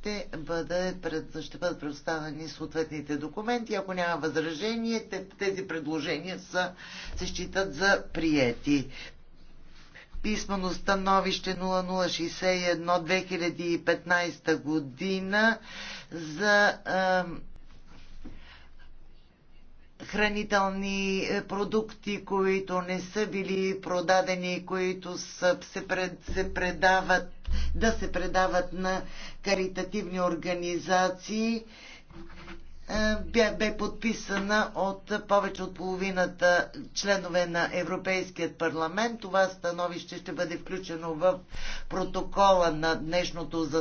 ще, бъде, ще бъдат предоставени съответните документи. Ако няма възражение, тези предложения са, се считат за приети. Писмено становище 0061-2015 година за хранителни е, продукти, които не са били продадени, които са, се, пред, се предават да се предават на каритативни организации е, бе подписана от повече от половината членове на Европейският парламент. Това становище ще бъде включено в протокола на днешното заседание.